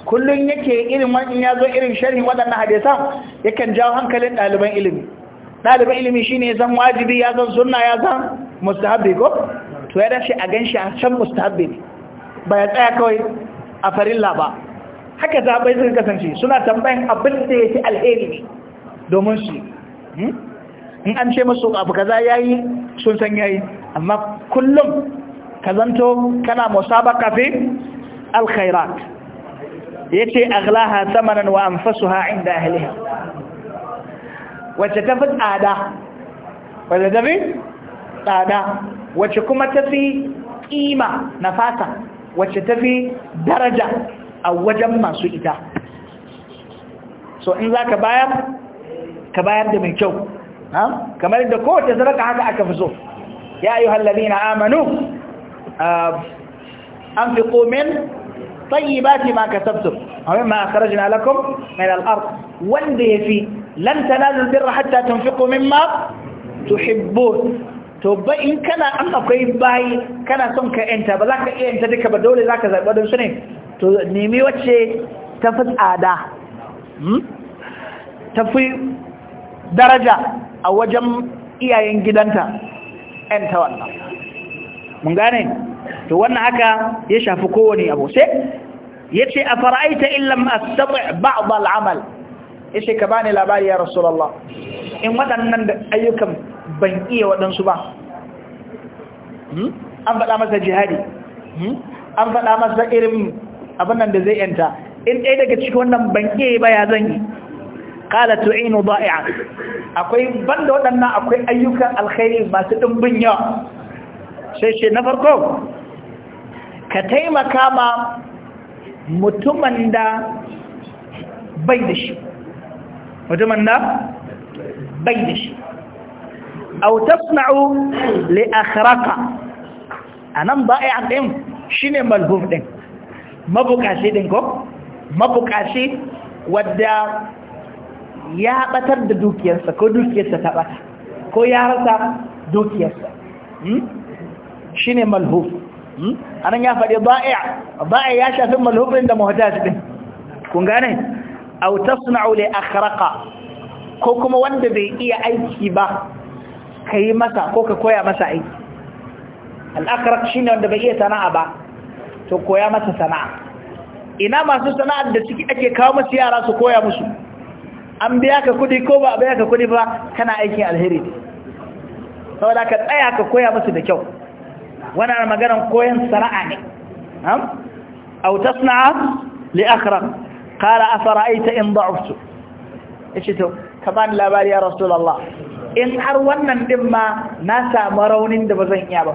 kullum yake irin wani ya zo irin sharhin waɗannan ya yakan jawo hankalin ɗaliban ilimi ɗaliban ilimi shi ne zan wajibi ya zan suna ya san mustahabbi ko to ya dace a gan shi a can mustahabbi ba ya tsaya kawai a farilla ba haka zaɓai suka kasance suna tambayin abin da ya fi alheri ne domin su hmm? in an ce masu abu kaza ya yi sun san ya yi amma kullum ka zanto kana musabaka fi alkhairat ya ce aglaha samanan wa anfasuha inda ahliha wacce tafi tsada wacce tafi tsada wacce kuma ta fi ƙima na fata wacce tafi daraja a wajen masu ita so in za ka bayar ka bayar da mai kyau kamar da kowace zaraka haka aka fi so ya ayyuha allazina amanu an fi komen anfiqu ba tayyibati ma ka kasabtum aw mimma akhrajna lakum min al-ard wanda yafi lan tanalu birra hatta tunfiqu mimma tuhibbun to ba in kana an akwai bayi kana son ka yanta ba za ka iya yanta duka ba dole za ka zaɓa don su ne to nemi wacce ta fi tsada hmm? ta fi daraja a wajen iyayen gidanta yanta wannan mun gane to wannan haka ya shafi kowane abu sai ya ce a fara'aita illam astata ba'd al'amal ya ce ka bani labari ya rasulallah in waɗannan ayyukan ban iya waɗansu ba hmm? an faɗa masa jihadi hmm? an faɗa masa irin abinan da zai yanta in ɗaya daga cikin wannan ban iya ba ya zan yi ƙala tu'inu ba'i'a akwai ban da waɗannan akwai ayyukan alkhairi masu ɗumbin yawa sai ce na farko ka taimaka ma mutumin da bai da shi mutumin da bai da shi au tasna'u li akhraka anan bai'a din shine malhum din mabukaci din ko mabukaci wadda ya batar da dukiyarsa ko dukiyarsa ta bata ko ya rasa dukiyarsa shine malhuf anan ya faɗi ba'i'a ba'i'a ya shafi malhufin da muhtaj din kun gane au tasna'u li akhraqa ko kuma wanda bai iya aiki ba ka yi masa ko ka koya masa aiki al'akarar shi ne wanda bai iya sana'a ba to koya masa sana'a ina masu sana'ar da ciki ake kawo masu yara su koya musu an biya ka kudi ko ba a biya ka kudi ba kana aikin alheri saboda ka tsaya ka koya musu da kyau wannan maganar koyan sana'a ne أو تصنع لأخرى قال أفرأيت إن ضعفت إيش تو كمان لا بال يا رسول in har wannan din ma na samu raunin da ba zan iya ba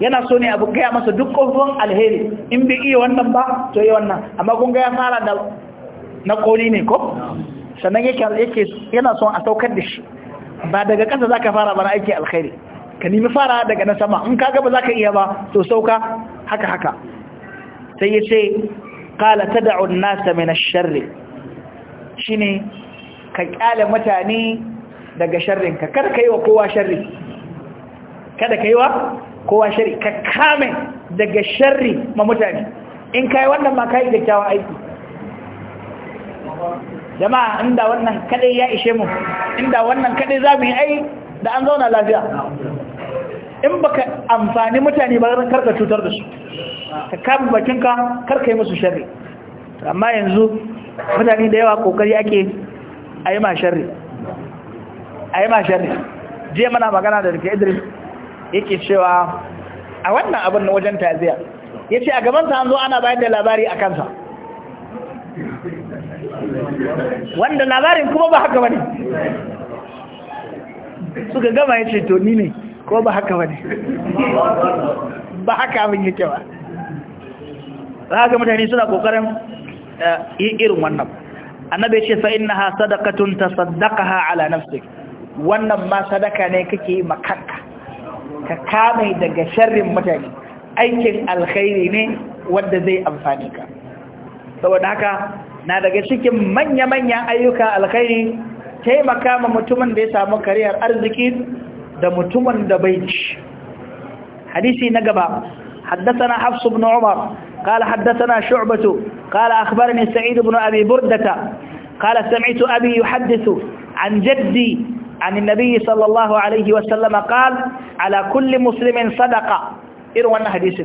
yana so ne abu gaya masa duk ƙofin alheri in bi iya wannan ba to yi wannan amma kun ga fara da na ƙoli ne ko sannan yake yana son a saukar da shi ba daga ƙasa za ka fara ba na aiki alheri ka nemi fara daga na sama in kaga ba za ka iya ba to sauka haka haka sai ya ce ƙala ta da'un nasa mai na shi ka kyale mutane daga sharrinka kada ka yi wa kowa sharri kada ka yi wa kowa sharri ka kame daga sharri ma mutane in ka yi wannan ma ka yi kyakkyawan aiki jama'a inda wannan kadai ya ishe mu inda wannan kadai za mu yi ai da an zauna lafiya in baka amfani mutane ba zan karka cutar da su ka kama bakinka karka yi musu sharri amma yanzu mutane da yawa kokari ake a yi ma a yi ma je mana magana da rike idris yake cewa a wannan abin na wajen taziya ya ce a gabansa an zo ana bayan da labari a kansa wanda labarin kuma ba haka wani suka gama ya ce to ni ne ko ba haka wani ba haka abin yake ba za ga mutane suna kokarin eh, irin wannan annabi ce fa innaha sadaqatun tasaddaqaha ala nafsik wannan ma sadaka ne kake yi makanka ka kame daga sharrin mutane aikin alkhairi ne wanda zai amfani ka saboda haka na daga cikin manya manya ayyuka alkhairi taimaka ma mutumin da ya samu kariyar arziki da mutumin da bai ci hadisi na gaba حدثنا حفص بن عمر قال حدثنا شعبة قال أخبرني سعيد بن أبي بردة قال سمعت أبي يحدث عن جدي عن النبي صلى الله عليه وسلم قال على كل مسلم صدقة إروا أن حديث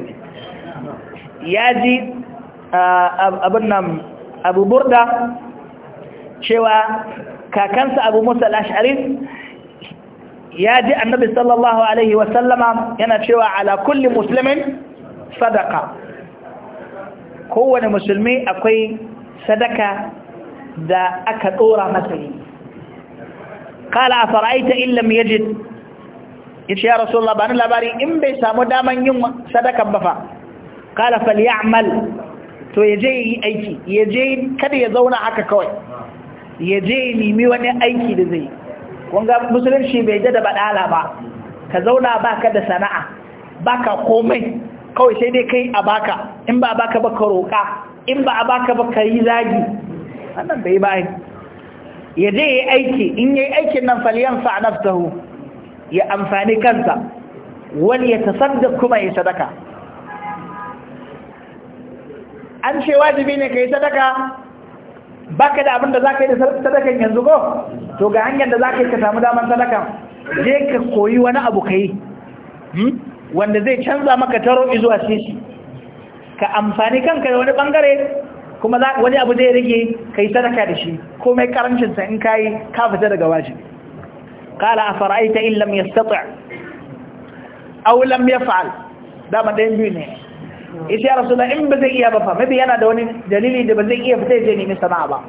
ياجي أبنم آه، أبو بردة شوى كاكنس أبو موسى الأشعري ياجي النبي صلى الله عليه وسلم ينا شوى على كل مسلم صدقة kowane musulmi akwai sadaka da aka ɗora masa yi kala a fara'aita illam yajid ya ce ya rasulullah ba labari in bai samu daman yin sadakan ba fa kala falyamal to ya je yi aiki ya je kada ya zauna haka kawai ya je nemi wani aiki da zai wanga musulunci bai da badala ba ka zauna baka da sana'a baka komai kawai sai dai kai a baka in ba a baka ba ka roƙa in ba a baka ba ka yi zagi wannan bai ba ya je ya aiki in ya yi aikin nan faliyan fa naftahu ya amfani kansa wani ya tasadda kuma ya sadaka an ce wajibi ne ka yi sadaka ba ka da abin da za ka yi da sadakan yanzu ko to ga hanyar da za ka yi ka samu daman sadakan je ka koyi wani abu ka yi hmm? wanda zai canza maka taro zuwa sisi ka amfani kanka da wani bangare kuma wani abu zai rage ka yi sadaka da shi komai karancinsa in ka yi ka fita daga wajibi kala a fara'aita in lam ya sata au ya fa'al dama ɗayan biyu ne isi ya rasu in ba zai iya ba fa mafi yana da wani dalili da ba zai iya fita ya nemi sana'a ba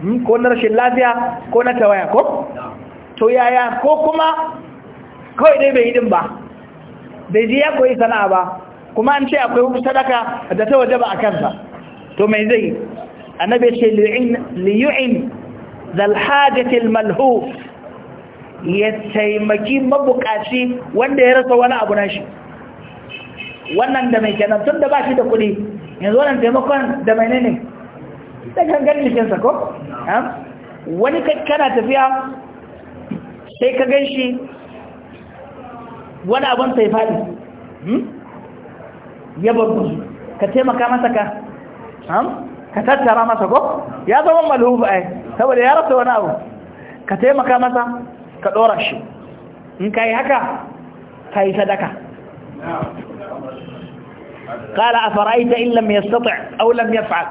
hmm, ko na rashin lafiya ko na tawaya ko to yaya ko kuma kawai dai bai yi din ba bai ji ya koyi sana'a ba kuma an ce akwai sadaka da ta waje ba a kansa to mai zai annabi ce liyu'in zal hajati malhu ya taimaki mabukaci wanda ya rasa wani abu nashi wannan da mai kenan tun da ba shi da kudi yanzu wannan taimakon da mai ne da gangan jikinsa ko wani kana tafiya sai ka gan shi wani abin hmm? ya faɗi ya babu ka taimaka masa ka ka tattara masa ko ya zama malhubu ai saboda ya rasa wani abu ka taimaka masa ka ɗora shi in ka yi haka ka yi sadaka قال أفرأيت إن لم يستطع أو لم يفعل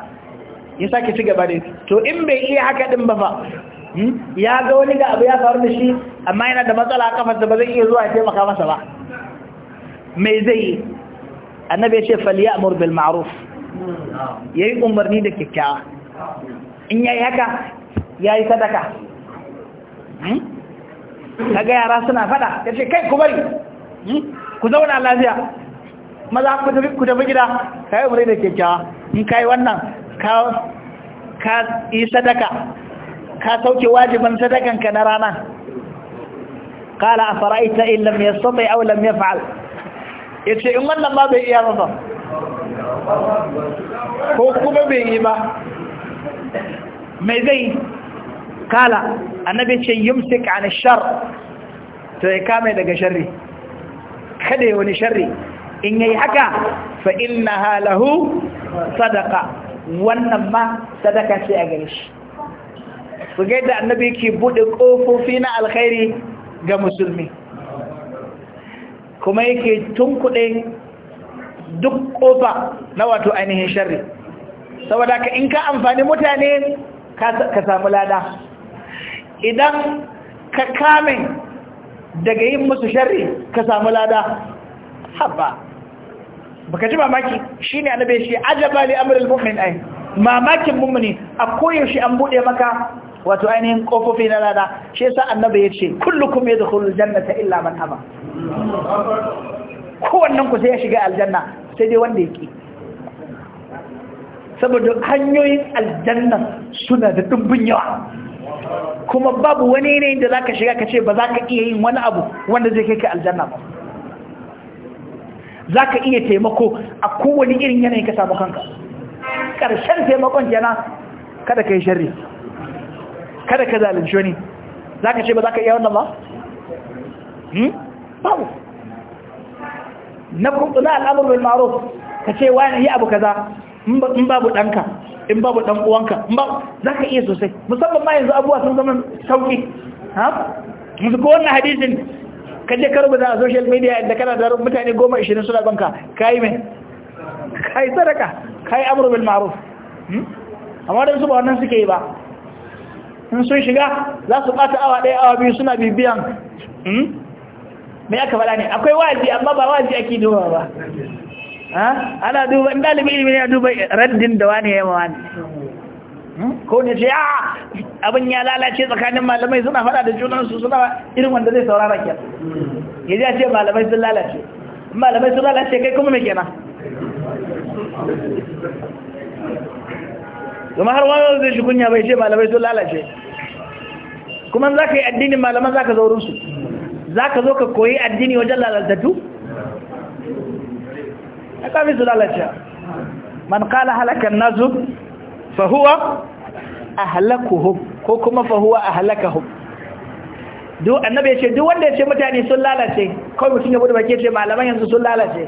ya sake ci gaba da to in bai iya haka ɗin ba fa Hmm? ya ga wani ga abu ya faru da shi amma yana da matsala a kafarsa ba zai iya zuwa ya taimaka masa ba mai zai yi annabi ya ce faliya amur bil ma'ruf ya yi umarni da kyakkyawa in ya yi haka ya yi sadaka hmm? ga yara suna fada ya ce kai ku bari hmm? ku zauna lafiya maza ku tafi ku tafi gida ka yi umarni da kyakkyawa in ka yi wannan ka yi sadaka ka sauke wajiban sadakanka na rana kala a fara'ita in lam ya sata au lam ya fa'al ya ce in wannan ba bai iya ba ko kuma bai yi ba mai zai kala annabi ce yumsik an shar to ya kame daga sharri kada ya wani sharri in yayi haka fa innaha halahu, sadaqa wannan ma sadaka ce a gare shi su ga yadda annabi yake buɗe ƙofofi na alkhairi ga musulmi kuma yake tunkuɗe duk ƙofa na wato ainihin sharri saboda ka in ka amfani mutane ka samu lada idan ka kame daga yin musu sharri ka samu lada haɓa baka ji mamaki shi ne annabe shi ajabali li amurin mu'min ai mamakin mummuni a koyaushe an buɗe maka wato ainihin ƙofofi na rana shi yasa annabi yace kullukum yadkhulul jannata illa man aba wannan ku sai ya shiga aljanna sai dai wanda yake saboda hanyoyin aljanna suna da dubbin yawa kuma babu wani yanayin da zaka shiga ka ce ba za ka iya yin wani abu wanda zai kai ka aljanna ba za ka iya taimako a kowane irin yanayi ka samu kanka ƙarshen taimakon kenan kada ka yi shari'a kada ka zalunci wani za ka ce ba za ka iya wannan ba? Hmm? babu na kuntuna al'amurin maruf ka ce wani yi abu kaza in babu ɗanka in babu ɗan uwanka za ka iya sosai musamman ma yanzu abuwa sun zama sauƙi Musu ko wannan hadisin ka je ka rubuta a social media inda kana da mutane goma ishirin suna banka ka yi mai ka yi sadaka ka yi amurin maruf hmm? amma don su ba wannan suke yi ba in sun shiga za su ɓata awa ɗaya awa biyu suna bibiyan hmm? me aka faɗa ne akwai wa'azi amma ba wa'azi ake duba ba ana duba in ɗalibi ilimin ya duba raddin da hmm? wani ya mawa ko ne ce ya abin ya lalace tsakanin malamai suna faɗa da junansu suna irin wanda zai saurara ke ya ji a ce malamai sun lalace malamai sun lalace kai kuma mai kenan kuma har wani zai shi kunya bai ce malamai sun lalace kuma za ka yi addinin malaman za ka zaurinsu za ka zo ka koyi addini wajen lalatattu a kafin su lalace man kala halakan nazu, fahuwa a hu ko kuma fahuwa a hu annabi ya ce duk wanda ya ce mutane sun lalace kawai mutum ya budu baki ya ce malaman yanzu sun lalace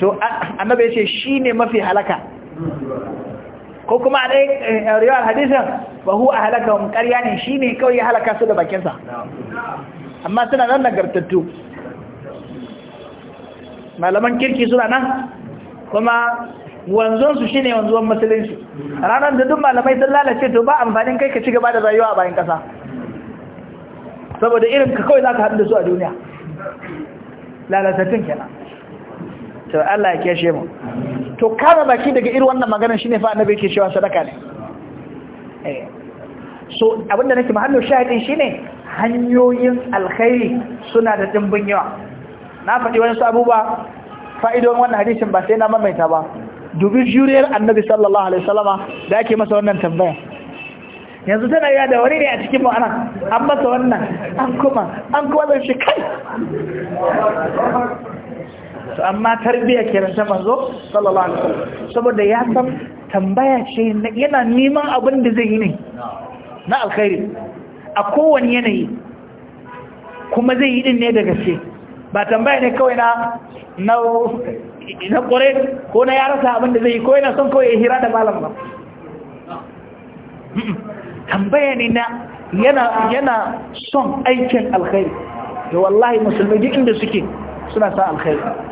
to annabi ya ce shi ne mafi halaka ko kuma a ɗaya eh, eh, riwayar hadisan ba hu a wani ƙarya ne shi ne kawai ya halaka su da bakinsa amma suna nan nagartattu malaman kirki suna nan kuma wanzonsu shi ne wanzuwan musulunci ranar da duk malamai sun lalace to ba amfanin kai ka ci gaba da rayuwa a bayan ƙasa saboda irin ka kawai za ka haɗu da su a duniya lalatattun kenan to Allah ya kyashe mu to kama baki daga irin wannan maganar shine fa annabi yake cewa sadaka ne eh. so abinda nake mahallin shahidin shine hanyoyin alkhairi suna da dimbin yawa na faɗi wani sabu ba fa'idon wannan hadisin ba sai na mamaita ba dubi juriyar annabi sallallahu alaihi wasallama da ake masa wannan tambaya yanzu tana yi da wani ne a cikin ma'ana an masa wannan an kuma an kuma zai shi kai su amma tarbiya kiran ta manzo sallallahu alaihi wasallam saboda ya san tambaya ce yana neman abin da zai yi ne na alkhairi a kowane yanayi kuma zai yi din ne da gaske ba tambaya ne kawai na na na kore ko na yarasa abin da zai yi ko yana son kawai ya hira da malam ba tambaya ne na yana yana son aikin alkhairi da wallahi musulmi duk inda suke suna sa alkhairi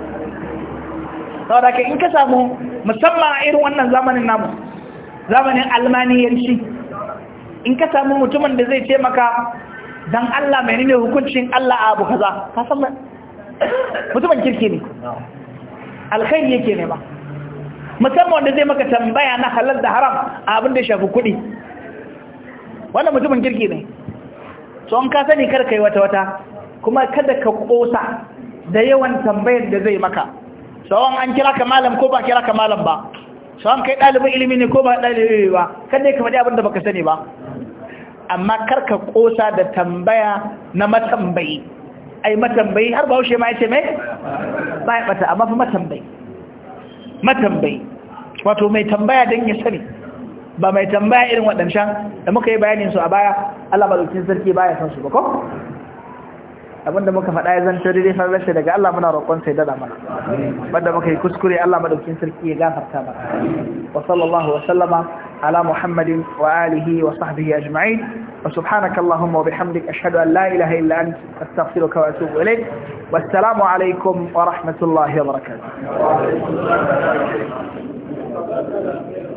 saboda ka in ka samu musamman a irin wannan zamanin namu zamanin almaniyanci in ka samu mutumin da zai ce maka don Allah nime hukuncin Allah a abu kaza ka san mutumin kirki ne alkhairi yake ne ba musamman wanda zai maka tambaya na halar da haram a abin da shafi kuɗi wannan mutumin kirki ne so in ka sani kar yi wata wata kuma kada ka kosa da yawan tambayar da zai maka sawan an kira ka malam ko ba kira ka malam ba sawan kai ɗalibin ilimi ne ko ba ɗalibin ba kada ka faɗi abin da baka sani ba amma kar ka ƙosa da tambaya na matambayi ai matambayi har ba haushe ma ya ce mai ba ya ɓata amma fi matambayi matambayi wato mai tambaya don ya sani ba mai tambaya irin waɗancan da muka yi bayanin su a baya Allah malaukin sarki baya san su ba ko abinda muka faɗa ya zanto dai daidai farar daga Allah muna roƙon sai dada mana banda muka yi kuskure Allah madaukin sarki ya gafarta mana wa sallallahu wa sallama ala muhammadin wa alihi wa sahbihi ajma'in wa subhanaka allahumma wa bihamdika ashhadu an la ilaha illa ant astaghfiruka wa atubu ilayk wa assalamu alaykum wa rahmatullahi wa barakatuh